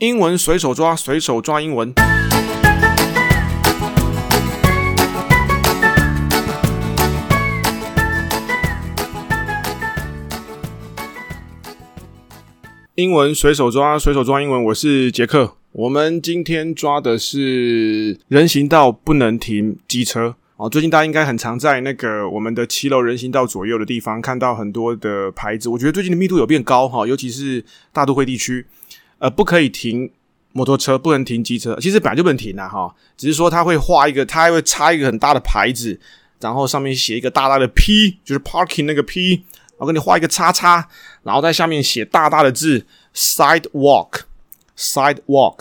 英文隨手抓，隨手抓英文。英文隨手抓，隨手抓英文。我是傑克，我們今天抓的是人行道不能停機車哦。最近大家應該很常在那個我們的騎樓人行道左右的地方看到很多的牌子，我覺得最近的密度有變高哈，尤其是大都會地區。呃，不可以停摩托車，不能停機車，其實本來就不能停啦，哈，只是說他會畫一個，他還會插一個很大的牌子，然後上面寫一個大大的 P，就是 parking 那個 P，我給你畫一個叉叉，然後在下面寫大大的字 sidewalk，sidewalk Sidewalk，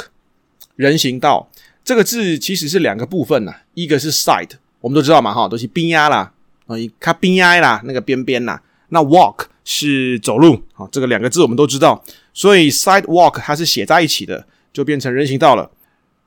人行道，這個字其實是兩個部分呢，啊，一個是 side，我們都知道嘛，哈，都是邊呀啦，啊，它邊呀啦，那個邊邊吶，那 walk 是走路，啊，這個兩個字我們都知道。所以 sidewalk 它是寫在一起的，就變成人行道了。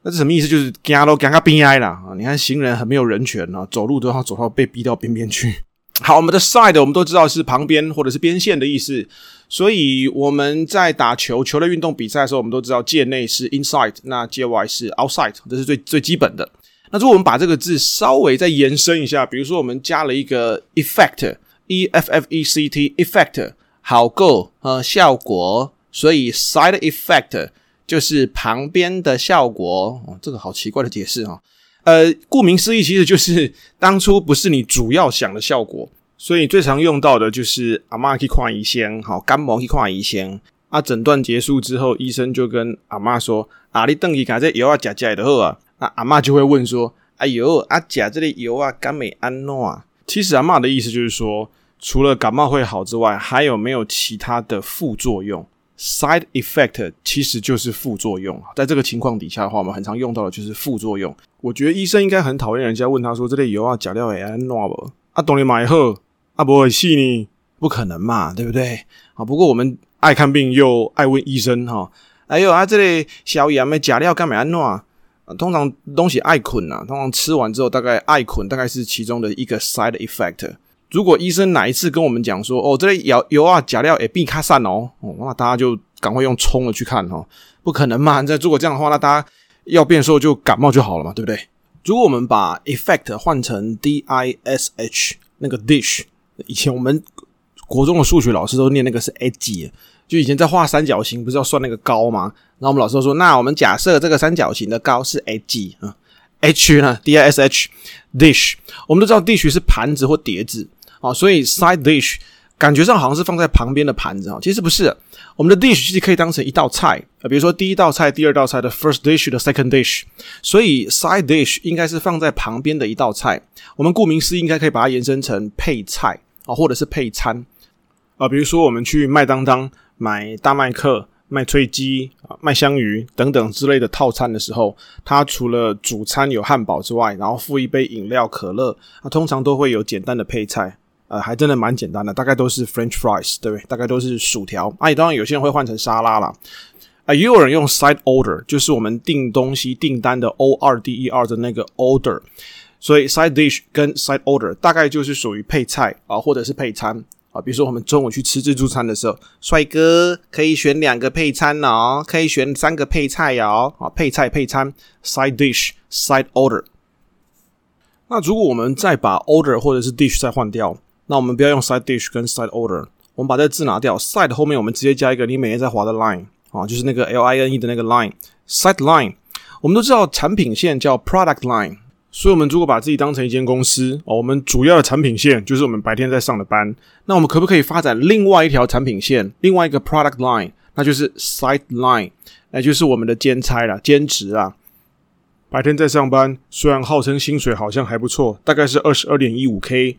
那這什麼意思？就是 ghetto g bi 了啊！你看行人很沒有人權啊，走路都要走到被逼到邊邊去。好，我們的 side 我們都知道是旁邊或者是邊線的意思。所以我們在打球球類運動比賽的時候，我們都知道界內是 inside，那界外是 outside，這是最最基本的。那如果我們把這個字稍微再延伸一下，比如說我們加了一個 effect，e f f e c t effect, effect，好夠呃，效果。所以 side effect 就是旁邊的效果，哦，這個好奇怪的解釋啊，呃，顧名思義，其實就是當初不是你主要想的效果，所以最常用到的就是阿嬤去看醫生，好，感冒去看醫生。啊，診斷結束之後，醫生就跟阿嬤說，啊，你等一下這油吃吃啊，假假的後啊，那阿嬤就會問說，哎呦，阿甲這裡有啊，感冒安諾啊，其實阿嬤的意思就是說，除了感冒會好之外，還有沒有其他的副作用？Side effect 其實就是副作用。在這個情況底下的話，我們很常用到的就是副作用。我覺得醫生應該很討厭人家問他說這類油啊假料、啊、也安哪不啊？懂你買後啊不細你不可能嘛，對不對？啊，不過我們愛看病又愛問醫生哈、啊，哎呦啊這類小藥沒假料干咩安哪？通常東西愛捆吶，通常吃完之後大概愛捆，大概是其中的一個 side effect。如果醫生哪一次跟我們講說，哦，這個有啊假料也變卡散哦，哦，那大家就趕快用衝的去看哈、哦，不可能嘛！再如果這樣的話，那大家要變瘦就感冒就好了嘛，對不對？如果我們把 effect 換成 dish 那個 dish，以前我們國中的數學老師都念那個是 ag，就以前在畫三角形不是要算那個高嗎？然後我們老師都說，那我們假設這個三角形的高是 ag，啊、嗯、，h 呢？dish dish，我們都知道 dish 是盤子或碟子。啊，所以 side dish 感覺上好像是放在旁邊的盤子啊，其實不是。我們的 dish 其實可以當成一道菜啊，比如說第一道菜、第二道菜的 first dish、the second dish。所以 side dish 應該是放在旁邊的一道菜。我們顧名思義，應該可以把它延伸成配菜啊，或者是配餐啊。比如說我們去麥當當買大麥克、麥脆雞、麥香魚等等之類的套餐的時候，它除了主餐有漢堡之外，然後附一杯飲料可樂，它通常都會有簡單的配菜。呃，還真的蠻簡單的，大概都是 French fries，對不對？大概都是薯條。啊，當然有些人會換成沙拉啦。啊，也有，有人用 side order，就是我們訂東西訂單的 O R D E R 的那個 order。所以 side dish 跟 side order 大概就是屬於配菜啊，或者是配餐啊。比如說我們中午去吃自助餐的時候，帥哥可以選兩個配餐哦，可以選三個配菜哦。啊，配菜配餐 side dish side order。那如果我們再把 order 或者是 dish 再換掉。那我們不要用 side dish 跟 side order，我們把這個字拿掉，side 後面我們直接加一個你每天在滑的 line 啊，就是那個 l-i-n-e 的那個 line，side line。Line, 我們都知道產品線叫 product line，所以我們如果把自己當成一間公司哦，我們主要的產品線就是我們白天在上的班。那我們可不可以發展另外一條產品線，另外一個 product line，那就是 side line，那就是我們的兼差了，兼職啊。白天在上班，雖然號稱薪水好像還不錯，大概是二十二點一五 k。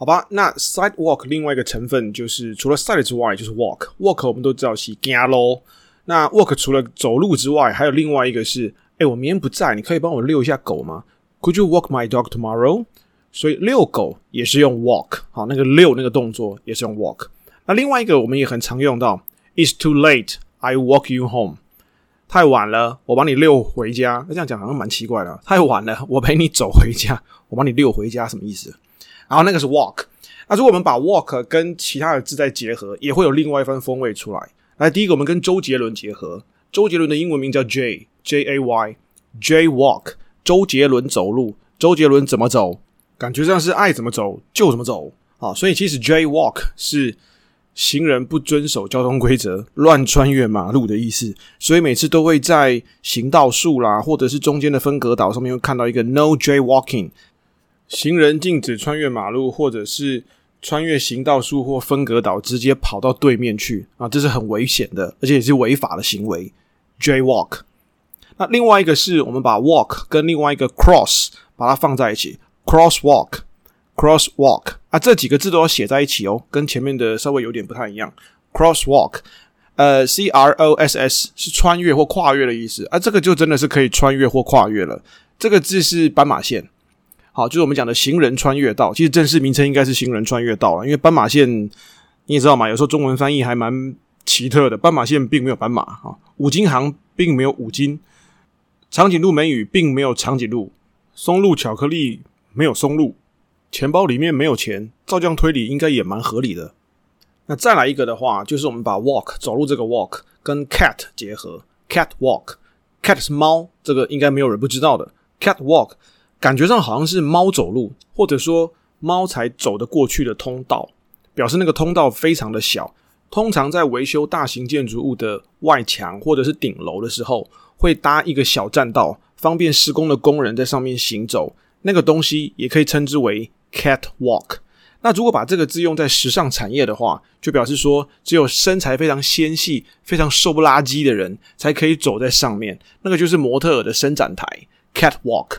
好吧，那 sidewalk 另外一個成分就是除了 side 之外，就是 walk。walk 我們都知道是家咯。那 walk 除了走路之外，還有另外一個是，哎、欸，我明天不在，你可以幫我遛一下狗嗎？Could you walk my dog tomorrow？所以遛狗也是用 walk，好，那個遛那個動作也是用 walk。那另外一個我們也很常用到，It's too late, I walk you home。太晚了，我幫你遛回家。那這樣講好像蠻奇怪的，太晚了，我陪你走回家，我幫你遛回家，什麼意思？然後那個是 walk。那如果我們把 walk 跟其他的字再結合，也會有另外一番風味出來。來，第一個我們跟周杰倫結合，周杰倫的英文名叫 Jay J A Y Jay Walk。周杰倫走路，周杰倫怎麼走？感覺像是愛怎麼走就怎麼走啊！所以其實 Jay Walk 是行人不遵守交通規則、亂穿越馬路的意思。所以每次都會在行道樹啦，或者是中間的分隔島上面，會看到一個 No Jay Walking。行人禁止穿越馬路，或者是穿越行道樹或分隔島，直接跑到對面去啊！這是很危險的，而且也是違法的行為。Jaywalk。那另外一個是我們把 walk 跟另外一個 cross 把它放在一起，crosswalk，crosswalk crosswalk, 啊，這幾個字都要寫在一起哦，跟前面的稍微有點不太一樣。crosswalk，呃，C R O S S 是穿越或跨越的意思啊，這個就真的是可以穿越或跨越了。這個字是斑馬線。好，就是我們講的行人穿越道。其實正式名稱應該是行人穿越道了，因為斑馬線，你也知道嘛，有時候中文翻譯還蠻奇特的。斑馬線並沒有斑馬，哈。五金行並沒有五金，長頸鹿美語並沒有長頸鹿，松露巧克力沒有松露，錢包裡面沒有錢。照這樣推理，應該也蠻合理的。那再來一個的話，就是我們把 walk 走路這個 walk 跟 cat 結合，cat walk。cat 是貓，這個應該沒有人不知道的。cat walk。感覺上好像是貓走路，或者說貓才走得過去的通道，表示那個通道非常的小。通常在維修大型建築物的外牆或者是頂樓的時候，會搭一個小棧道，方便施工的工人在上面行走。那個東西也可以稱之為 catwalk。那如果把這個字用在時尚產業的話，就表示說只有身材非常纖細、非常瘦不拉幾的人才可以走在上面。那個就是模特兒的伸展台 catwalk。